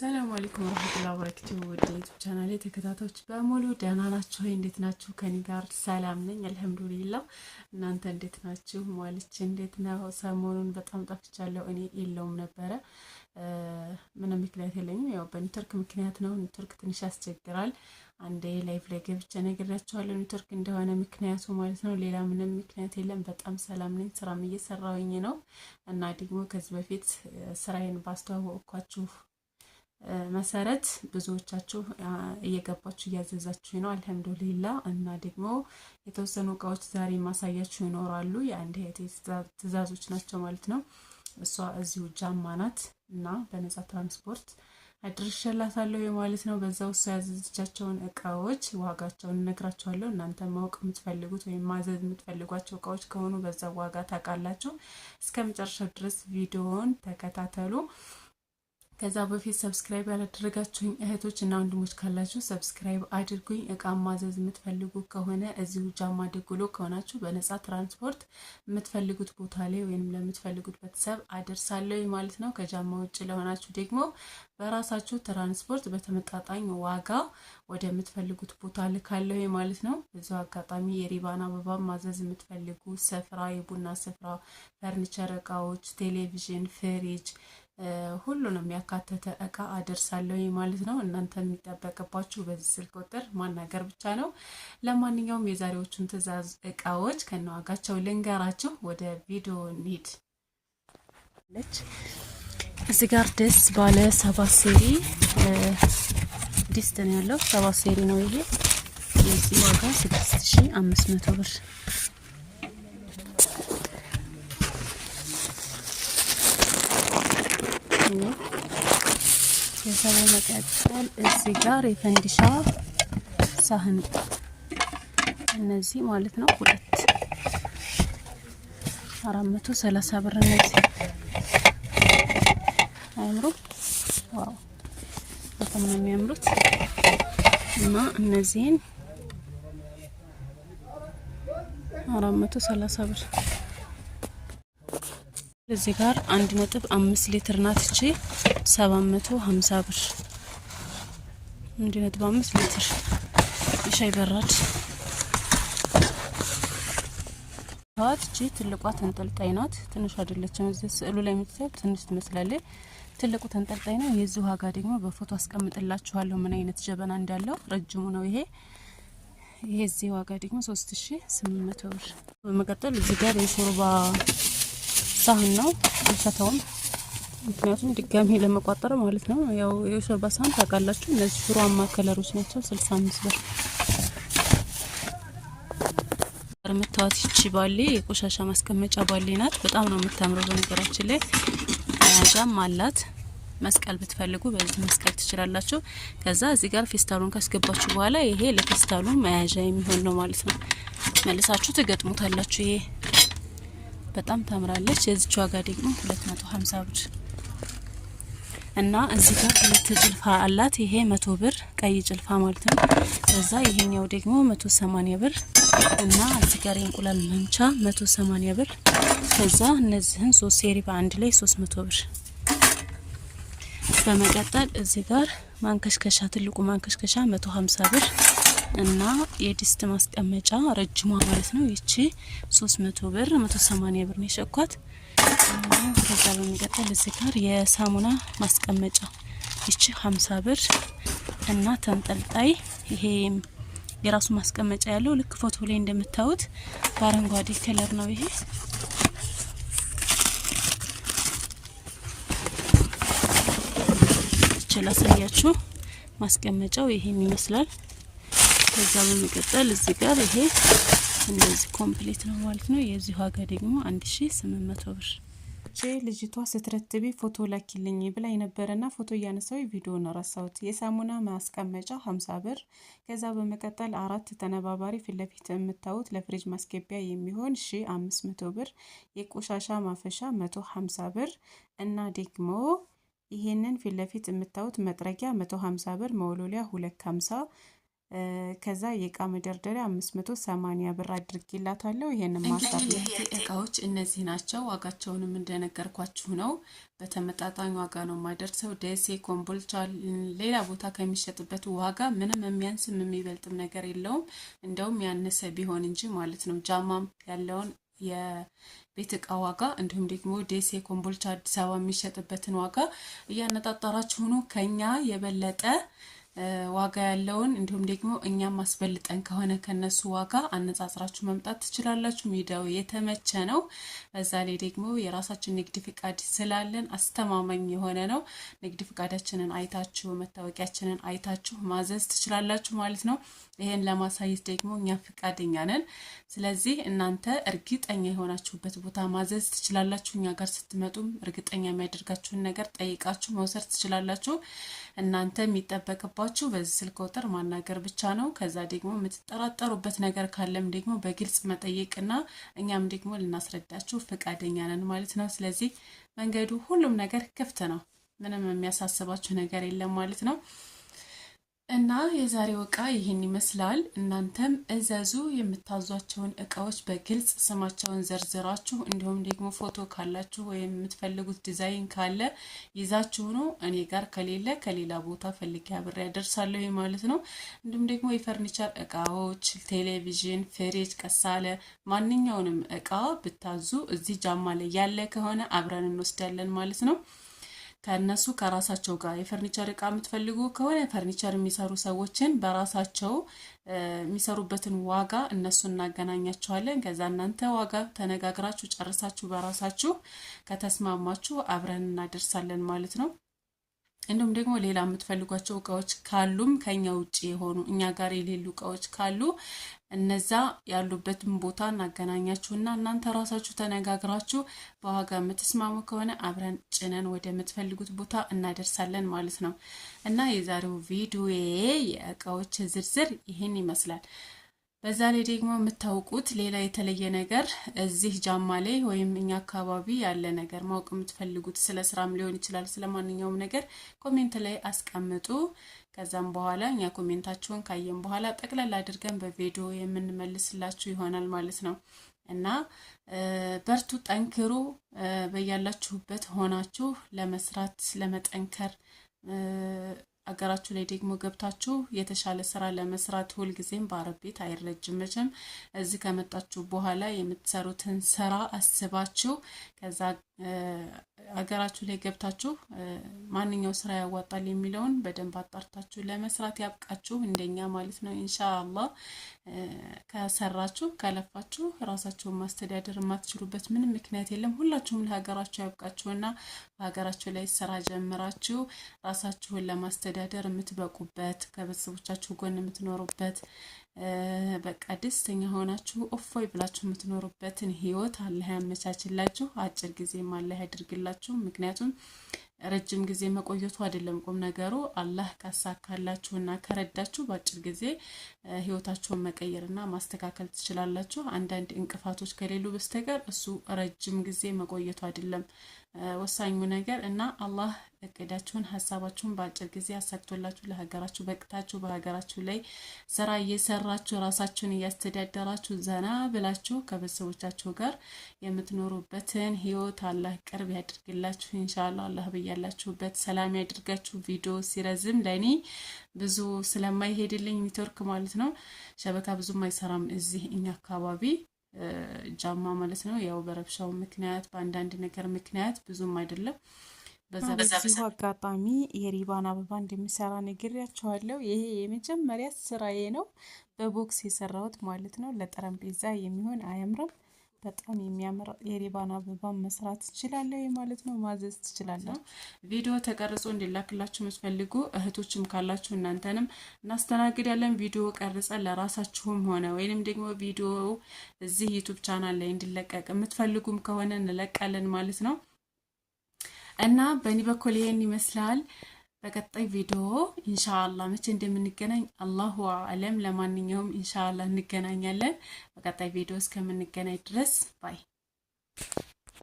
ሰላም አለይኩም ወራህመቱላሂ ወበረካቱ። ውድ የዩቲዩብ ቻናሌ ተከታታዮች በሙሉ ደህና ናችሁ ወይ? እንዴት ናችሁ? ከኔ ጋር ሰላም ነኝ አልሐምዱሊላህ። እናንተ እንዴት ናችሁ? ሟልች እንዴት ነው? ሰሞኑን በጣም ጠፍቻለሁ። እኔ የለውም ነበረ ምንም ምክንያት የለኝም። ያው በኔትወርክ ምክንያት ነው። ኔትወርክ ትንሽ ያስቸግራል። አንዴ ላይቭ ላይ ገብቼ ነግራችኋለሁ ኔትወርክ እንደሆነ ምክንያቱ ማለት ነው። ሌላ ምንም ምክንያት የለም። በጣም ሰላም ነኝ። ስራም እየሰራሁኝ ነው እና ደግሞ ከዚህ በፊት ስራዬን ባስተዋወቅኳችሁ መሰረት ብዙዎቻችሁ እየገባችሁ እያዘዛችሁ ነው። አልሐምዱሊላ እና ደግሞ የተወሰኑ እቃዎች ዛሬ ማሳያችሁ ይኖራሉ። የአንድ እህቴ ትእዛዞች ናቸው ማለት ነው። እሷ እዚሁ ጃማ ናት እና በነጻ ትራንስፖርት አድርሼላታለሁ ማለት ነው። በዛው እሷ ያዘዘቻቸውን እቃዎች ዋጋቸውን እነግራቸዋለሁ። እናንተ ማወቅ የምትፈልጉት ወይም ማዘዝ የምትፈልጓቸው እቃዎች ከሆኑ በዛው ዋጋ ታውቃላችሁ። እስከ መጨረሻው ድረስ ቪዲዮውን ተከታተሉ። ከዛ በፊት ሰብስክራይብ ያላደረጋችሁኝ እህቶች እና ወንድሞች ካላችሁ ሰብስክራይብ አድርጉኝ። እቃ ማዘዝ የምትፈልጉ ከሆነ እዚሁ ጃማ ደጎሎ ከሆናችሁ በነፃ ትራንስፖርት የምትፈልጉት ቦታ ላይ ወይም ለምትፈልጉት ቤተሰብ አደርሳለሁ ማለት ነው። ከጃማ ውጭ ለሆናችሁ ደግሞ በራሳችሁ ትራንስፖርት በተመጣጣኝ ዋጋ ወደምትፈልጉት ቦታ ልካለሁ ማለት ነው። እዚሁ አጋጣሚ የሪባን አበባ ማዘዝ የምትፈልጉ ስፍራ፣ የቡና ስፍራ፣ ፈርኒቸር እቃዎች፣ ቴሌቪዥን፣ ፍሪጅ ሁሉንም ያካተተ እቃ አደርሳለሁ ማለት ነው። እናንተ የሚጠበቅባችሁ በዚህ ስልክ ቁጥር ማናገር ብቻ ነው። ለማንኛውም የዛሬዎቹን ትዕዛዝ እቃዎች ከነዋጋቸው ልንገራችሁ። ወደ ቪዲዮ እንሂድ። እዚህ ጋር ደስ ባለ ሰባት ሴሪ ዲስት ነው ያለው። ሰባት ሴሪ ነው ይሄ። የዚህ ዋጋ ስድስት ሺ አምስት መቶ ብር ነው። የሰው መቀጠል እዚህ ጋር የፈንዲሻ ሳህን እነዚህ ማለት ነው ሁለት አራት መቶ ሰላሳ ብር እነዚህ አያምሩ? ዋው በጣም ነው የሚያምሩት። እና እነዚህን አራት መቶ ሰላሳ ብር እዚህ ጋር አንድ ነጥብ አምስት ሊትር ናት እቺ ሰባት መቶ ሀምሳ ብር አንድ ነጥብ አምስት ሊትር ሻይ በራድ ሰዓት እቺ ትልቋ ተንጠልጣይ ናት። ትንሽ አይደለችም። እዚህ ስዕሉ ላይ የምትታየው ትንሽ ትመስላለች። ትልቁ ተንጠልጣይ ነው። የዚህ ዋጋ ደግሞ በፎቶ አስቀምጥላችኋለሁ ምን አይነት ጀበና እንዳለው። ረጅሙ ነው ይሄ። ይሄ እዚህ ዋጋ ደግሞ 3800 ብር። በመቀጠል እዚህ ጋር የሾርባ ሳህን ነው የሸተውም ምክንያቱም ድጋሚ ለመቋጠር ማለት ነው። ያው የሾርባ ሳህን ታውቃላችሁ። እነዚህ ሽሮማ ከለሮች ናቸው። ስልሳ አምስት ብር የምታዋት ይቺ ባሌ የቆሻሻ ማስቀመጫ ባሌ ናት። በጣም ነው የምታምረው። በነገራችን ላይ መያዣም አላት። መስቀል ብትፈልጉ በዚህ መስቀል ትችላላችሁ። ከዛ እዚህ ጋር ፌስታሉን ካስገባችሁ በኋላ ይሄ ለፌስታሉ መያዣ የሚሆን ነው ማለት ነው። መልሳችሁ ትገጥሙታላችሁ ይሄ በጣም ታምራለች። የዚች ዋጋ ደግሞ 250 ብር እና እዚህ ጋር ሁለት ጭልፋ አላት። ይሄ መቶ ብር ቀይ ጭልፋ ማለት ነው። ከዛ ይሄኛው ደግሞ 180 ብር እና እዚህ ጋር የእንቁላል መምቻ 180 ብር። ከዛ እነዚህን ሶስት ሴሪ በአንድ ላይ 300 ብር። በመቀጠል እዚህ ጋር ማንከሽከሻ፣ ትልቁ ማንከሽከሻ 150 ብር እና የድስት ማስቀመጫ ረጅሟ ማለት ነው። ይቺ 300 ብር 180 ብር ነው የሸኳት። ከዛ በሚቀጥል እዚህ ጋር የሳሙና ማስቀመጫ ይቺ 50 ብር እና ተንጠልጣይ ይሄ የራሱ ማስቀመጫ ያለው ልክ ፎቶ ላይ እንደምታዩት በአረንጓዴ ከለር ነው ይሄ ችላሳያችሁ ማስቀመጫው ይሄን ይመስላል። ከዛ በመቀጠል እዚህ ጋር ይሄ እንደዚህ ኮምፕሌት ነው ማለት ነው። የዚህ ዋጋ ደግሞ አንድ ሺ ስምንት መቶ ብር ልጅቷ ስትረትቢ ፎቶ ላኪልኝ ብላ የነበረና ፎቶ እያነሳው ነው ረሳሁት። የሳሙና ማስቀመጫ ሀምሳ ብር። ከዛ በመቀጠል አራት ተነባባሪ ፊት ለፊት የምታዩት ለፍሪጅ ማስገቢያ የሚሆን ሺ አምስት መቶ ብር። የቆሻሻ ማፈሻ መቶ ሀምሳ ብር እና ደግሞ ይሄንን ፊት ለፊት የምታዩት መጥረጊያ መቶ ሀምሳ ብር መወሎሊያ ሁለት ሀምሳ ከዛ የእቃ መደርደሪያ አምስት መቶ ሰማኒያ ብር አድርጌላታለሁ። ይህን ማሳብ እቃዎች እነዚህ ናቸው። ዋጋቸውንም እንደነገርኳችሁ ነው። በተመጣጣኝ ዋጋ ነው የማደርሰው። ደሴ፣ ኮምቦልቻ፣ ሌላ ቦታ ከሚሸጥበት ዋጋ ምንም የሚያንስም የሚበልጥም ነገር የለውም። እንደውም ያነሰ ቢሆን እንጂ ማለት ነው። ጃማም ያለውን የቤት እቃ ዋጋ እንዲሁም ደግሞ ደሴ፣ ኮምቦልቻ፣ አዲስ አበባ የሚሸጥበትን ዋጋ እያነጣጠራችሁ ነው ከኛ የበለጠ ዋጋ ያለውን እንዲሁም ደግሞ እኛም አስበልጠን ከሆነ ከነሱ ዋጋ አነጻጽራችሁ መምጣት ትችላላችሁ። ሜዳው የተመቸ ነው። በዛ ላይ ደግሞ የራሳችን ንግድ ፍቃድ ስላለን አስተማማኝ የሆነ ነው። ንግድ ፍቃዳችንን አይታችሁ መታወቂያችንን አይታችሁ ማዘዝ ትችላላችሁ ማለት ነው። ይህን ለማሳየት ደግሞ እኛ ፍቃደኛ ነን። ስለዚህ እናንተ እርግጠኛ የሆናችሁበት ቦታ ማዘዝ ትችላላችሁ። እኛ ጋር ስትመጡም እርግጠኛ የሚያደርጋችሁን ነገር ጠይቃችሁ መውሰድ ትችላላችሁ። እናንተ የሚጠበቅባ ካለባችሁ በዚህ ስልክ ቁጥር ማናገር ብቻ ነው። ከዛ ደግሞ የምትጠራጠሩበት ነገር ካለም ደግሞ በግልጽ መጠየቅና እኛም ደግሞ ልናስረዳችሁ ፈቃደኛ ነን ማለት ነው። ስለዚህ መንገዱ ሁሉም ነገር ክፍት ነው። ምንም የሚያሳስባችሁ ነገር የለም ማለት ነው። እና የዛሬው እቃ ይህን ይመስላል። እናንተም እዘዙ። የምታዟቸውን እቃዎች በግልጽ ስማቸውን ዘርዝራችሁ እንዲሁም ደግሞ ፎቶ ካላችሁ ወይም የምትፈልጉት ዲዛይን ካለ ይዛችሁ ነው። እኔ ጋር ከሌለ ከሌላ ቦታ ፈልጌ አብሬ ያደርሳለሁ ማለት ነው። እንዲሁም ደግሞ የፈርኒቸር እቃዎች፣ ቴሌቪዥን፣ ፍሬጅ፣ ቀሳለ ማንኛውንም እቃ ብታዙ እዚህ ጃማ ላይ ያለ ከሆነ አብረን እንወስዳለን ማለት ነው። ከእነሱ ከራሳቸው ጋር የፈርኒቸር እቃ የምትፈልጉ ከሆነ ፈርኒቸር የሚሰሩ ሰዎችን በራሳቸው የሚሰሩበትን ዋጋ እነሱ እናገናኛቸዋለን። ከዛ እናንተ ዋጋ ተነጋግራችሁ ጨርሳችሁ በራሳችሁ ከተስማማችሁ አብረን እናደርሳለን ማለት ነው። እንዲሁም ደግሞ ሌላ የምትፈልጓቸው እቃዎች ካሉም ከኛ ውጭ የሆኑ እኛ ጋር የሌሉ እቃዎች ካሉ እነዛ ያሉበትን ቦታ እናገናኛችሁና እናንተ ራሳችሁ ተነጋግራችሁ በዋጋ የምትስማሙ ከሆነ አብረን ጭነን ወደ የምትፈልጉት ቦታ እናደርሳለን ማለት ነው እና የዛሬው ቪዲዮ የእቃዎች ዝርዝር ይህን ይመስላል። በዛ ላይ ደግሞ የምታውቁት ሌላ የተለየ ነገር እዚህ ጃማ ላይ ወይም እኛ አካባቢ ያለ ነገር ማወቅ የምትፈልጉት ስለ ስራም ሊሆን ይችላል፣ ስለ ማንኛውም ነገር ኮሜንት ላይ አስቀምጡ። ከዛም በኋላ እኛ ኮሜንታችሁን ካየን በኋላ ጠቅላላ አድርገን በቪዲዮ የምንመልስላችሁ ይሆናል ማለት ነው። እና በርቱ፣ ጠንክሩ። በያላችሁበት ሆናችሁ ለመስራት ለመጠንከር አገራችሁ ላይ ደግሞ ገብታችሁ የተሻለ ስራ ለመስራት ሁልጊዜም በአረብ ቤት አይረጅም። መቼም እዚህ ከመጣችሁ በኋላ የምትሰሩትን ስራ አስባችሁ ከዛ አገራችሁ ላይ ገብታችሁ ማንኛው ስራ ያዋጣል የሚለውን በደንብ አጣርታችሁ ለመስራት ያብቃችሁ፣ እንደኛ ማለት ነው። ኢንሻአላህ ከሰራችሁ ከለፋችሁ ራሳችሁን ማስተዳደር የማትችሉበት ምንም ምክንያት የለም። ሁላችሁም ለሀገራችሁ ያብቃችሁና በሀገራችሁ ላይ ስራ ጀምራችሁ ራሳችሁን ለማስተዳደር የምትበቁበት ከቤተሰቦቻችሁ ጎን የምትኖሩበት በቃ ደስተኛ ሆናችሁ እፎይ ብላችሁ የምትኖሩበትን ህይወት አላህ ያመቻችላችሁ፣ አጭር ጊዜም አላህ ያድርግላችሁ። ምክንያቱም ረጅም ጊዜ መቆየቱ አይደለም ቁም ነገሩ። አላህ ካሳካላችሁና ከረዳችሁ በአጭር ጊዜ ህይወታችሁን መቀየርና ማስተካከል ትችላላችሁ። አንዳንድ እንቅፋቶች ከሌሉ በስተቀር እሱ ረጅም ጊዜ መቆየቱ አይደለም። ወሳኙ ነገር እና አላህ እቅዳችሁን ሀሳባችሁን በአጭር ጊዜ አሳክቶላችሁ ለሀገራችሁ በቅታችሁ በሀገራችሁ ላይ ስራ እየሰራችሁ ራሳችሁን እያስተዳደራችሁ ዘና ብላችሁ ከቤተሰቦቻችሁ ጋር የምትኖሩበትን ህይወት አላህ ቅርብ ያድርግላችሁ። ኢንሻላ አላህ ብያላችሁበት ሰላም ያድርጋችሁ። ቪዲዮ ሲረዝም ለእኔ ብዙ ስለማይሄድልኝ ኔትወርክ ማለት ነው ሸበካ ብዙም አይሰራም እዚህ እኛ አካባቢ ጃማ ማለት ነው። ያው በረብሻው ምክንያት በአንዳንድ ነገር ምክንያት ብዙም አይደለም። በዚሁ አጋጣሚ የሪባን አበባ እንደሚሰራ ነግሬያቸዋለሁ። ይሄ የመጀመሪያ ስራዬ ነው፣ በቦክስ የሰራሁት ማለት ነው። ለጠረጴዛ የሚሆን አያምርም። በጣም የሚያምር የሪባን አበባ መስራት ትችላለህ ማለት ነው። ማዘዝ ትችላለህ። ቪዲዮ ተቀርጾ እንዲላክላችሁ የምትፈልጉ እህቶችም ካላችሁ እናንተንም እናስተናግዳለን። ቪዲዮ ቀርጸ ለራሳችሁም ሆነ ወይንም ደግሞ ቪዲዮ እዚህ ዩቱብ ቻናል ላይ እንዲለቀቅ የምትፈልጉም ከሆነ እንለቃለን ማለት ነው እና በእኔ በኩል ይሄን ይመስላል። በቀጣይ ቪዲዮ ኢንሻአላ መቼ እንደምንገናኝ አላሁ አለም። ለማንኛውም ኢንሻአላ እንገናኛለን። በቀጣይ ቪዲዮ እስከምንገናኝ ድረስ ባይ